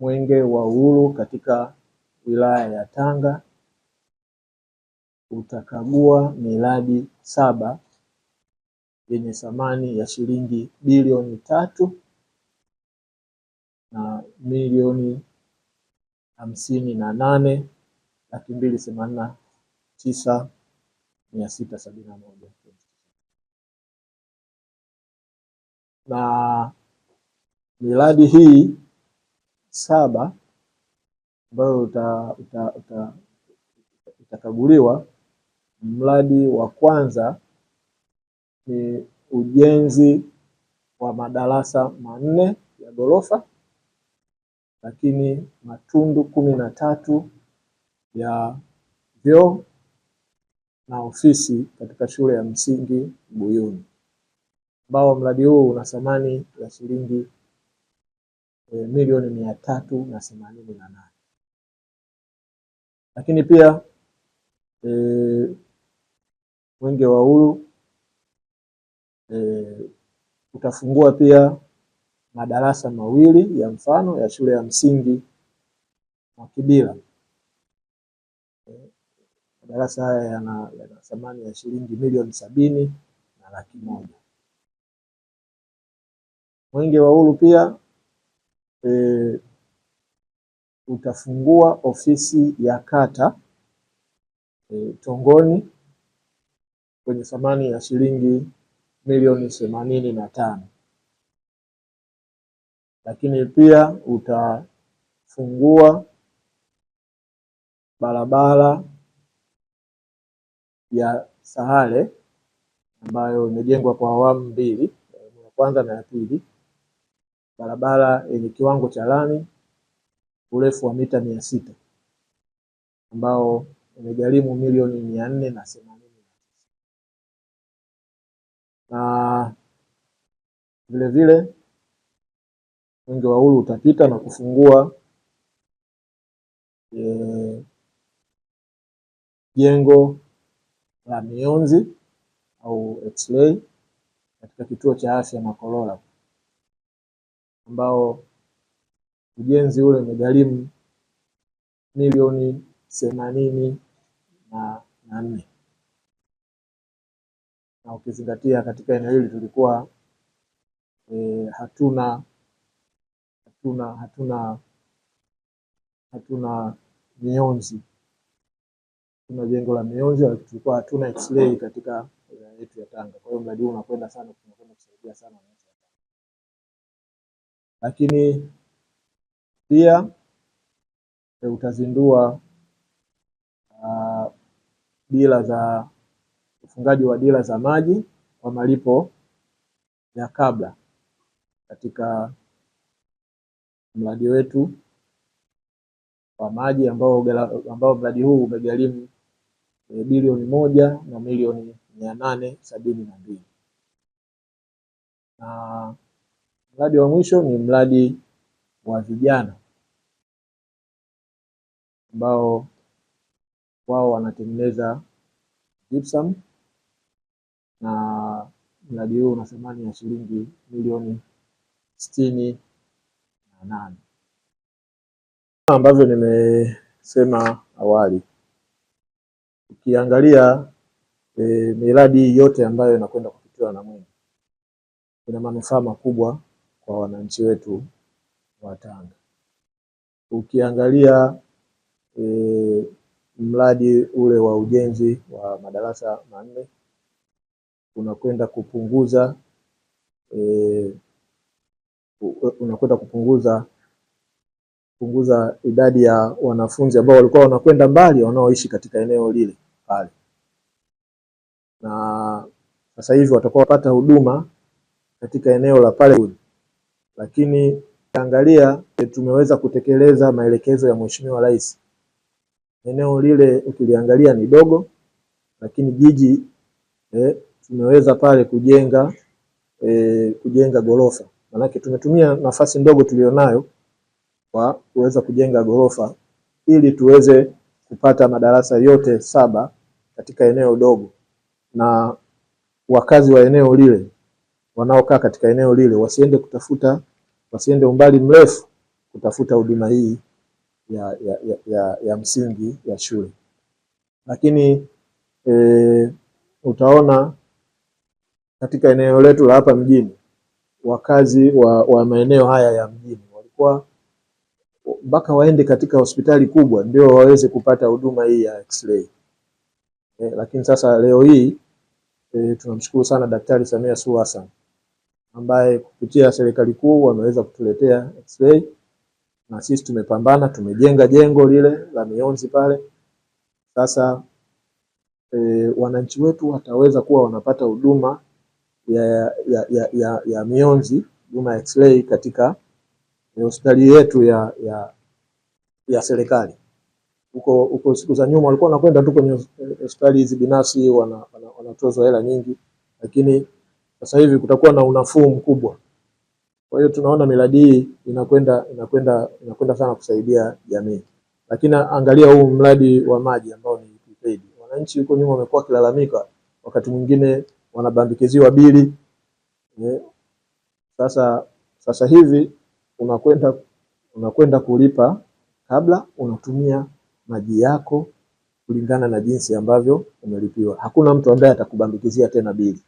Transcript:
Mwenge wa Uhuru katika wilaya ya Tanga utakagua miradi saba yenye thamani ya shilingi bilioni tatu na milioni hamsini na nane laki mbili themanini na tisa mia sita sabini na moja na miradi hii saba ambayo utakaguliwa uta, uta, uta mradi wa kwanza ni ujenzi wa madarasa manne ya ghorofa, lakini matundu kumi na tatu ya vyoo na ofisi katika shule ya msingi Buyuni, ambao mradi huu una thamani ya shilingi E, milioni mia tatu na themanini na nane lakini pia e, mwenge wa uhuru e, utafungua pia madarasa mawili ya mfano ya shule ya msingi Mwakibila. E, madarasa haya yana thamani ya shilingi milioni sabini na laki moja. Mwenge wa uhuru pia e, utafungua ofisi ya kata e, Tongoni kwenye thamani ya shilingi milioni themanini na tano, lakini pia utafungua barabara ya Sahale ambayo imejengwa kwa awamu mbili ya kwanza na ya pili barabara yenye kiwango cha lami urefu wa mita mia sita ambao umegharimu milioni mia nne na themanini na tisa na vilevile mwenge wa uhuru utapita na kufungua e, jengo la mionzi au x-ray katika kituo cha afya Makolola ambao ujenzi ule umegharimu milioni themanini na nne na ukizingatia katika eneo hili tulikuwa e, hatuna hatuna hatuna hatuna mionzi, hatuna jengo la mionzi, tulikuwa hatuna x-ray katika wilaya yetu ya Tanga. Kwa hiyo mradi huu unakwenda sana, tunakwenda kusaidia sana lakini pia e, utazindua uh, dira za ufungaji wa dira za maji kwa malipo ya kabla katika mradi wetu wa maji ambao, ambao mradi huu umegharimu e, bilioni moja na milioni mia nane sabini na mbili na Mradi wa mwisho ni mradi wa vijana ambao wao wanatengeneza gypsum na mradi huu una thamani ya shilingi milioni sitini na nane. Kama ambavyo nimesema awali, ukiangalia e, miradi yote ambayo inakwenda kupitiwa na Mwenge ina manufaa makubwa kwa wananchi wetu wa Tanga. Ukiangalia e, mradi ule wa ujenzi wa madarasa manne unakwenda kupunguza e, unakwenda kupunguza punguza idadi ya wanafunzi ambao walikuwa wanakwenda mbali wanaoishi katika eneo lile pale, na sasa hivi watakuwa wapata huduma katika eneo la pale lakini angalia tumeweza kutekeleza maelekezo ya Mheshimiwa Rais. Eneo lile ukiliangalia ni dogo, lakini jiji eh, tumeweza pale kujenga eh, kujenga gorofa, manake tumetumia nafasi ndogo tulionayo kwa kuweza kujenga gorofa ili tuweze kupata madarasa yote saba katika eneo dogo, na wakazi wa eneo lile wanaokaa katika eneo lile wasiende kutafuta wasiende umbali mrefu kutafuta huduma hii ya, ya, ya, ya, ya msingi ya shule. Lakini e, utaona katika eneo letu la hapa mjini wakazi wa, wa maeneo haya ya mjini walikuwa mpaka waende katika hospitali kubwa ndio waweze kupata huduma hii ya x-ray. E, lakini sasa leo hii e, tunamshukuru sana Daktari Samia Suluhu Hassan ambaye kupitia serikali kuu wameweza kutuletea x-ray na sisi tumepambana, tumejenga jengo lile la mionzi pale. Sasa e, wananchi wetu wataweza kuwa wanapata huduma ya, ya, ya, ya, ya mionzi huduma ya x-ray katika hospitali yetu ya, ya, ya serikali. Huko huko siku za nyuma walikuwa wanakwenda tu kwenye hospitali hizi binafsi, wanatozwa wana, wana hela nyingi lakini sasa hivi kutakuwa na unafuu mkubwa. Kwa hiyo tunaona miradi hii inakwenda inakwenda inakwenda sana kusaidia jamii, lakini angalia huu mradi wa maji ambao ni prepaid. Wananchi huko nyuma wamekuwa wakilalamika, wakati mwingine wanabambikiziwa bili eh. Sasa sasa hivi unakwenda unakwenda kulipa kabla unatumia maji yako kulingana na jinsi ambavyo umelipiwa. Hakuna mtu ambaye atakubambikizia tena bili.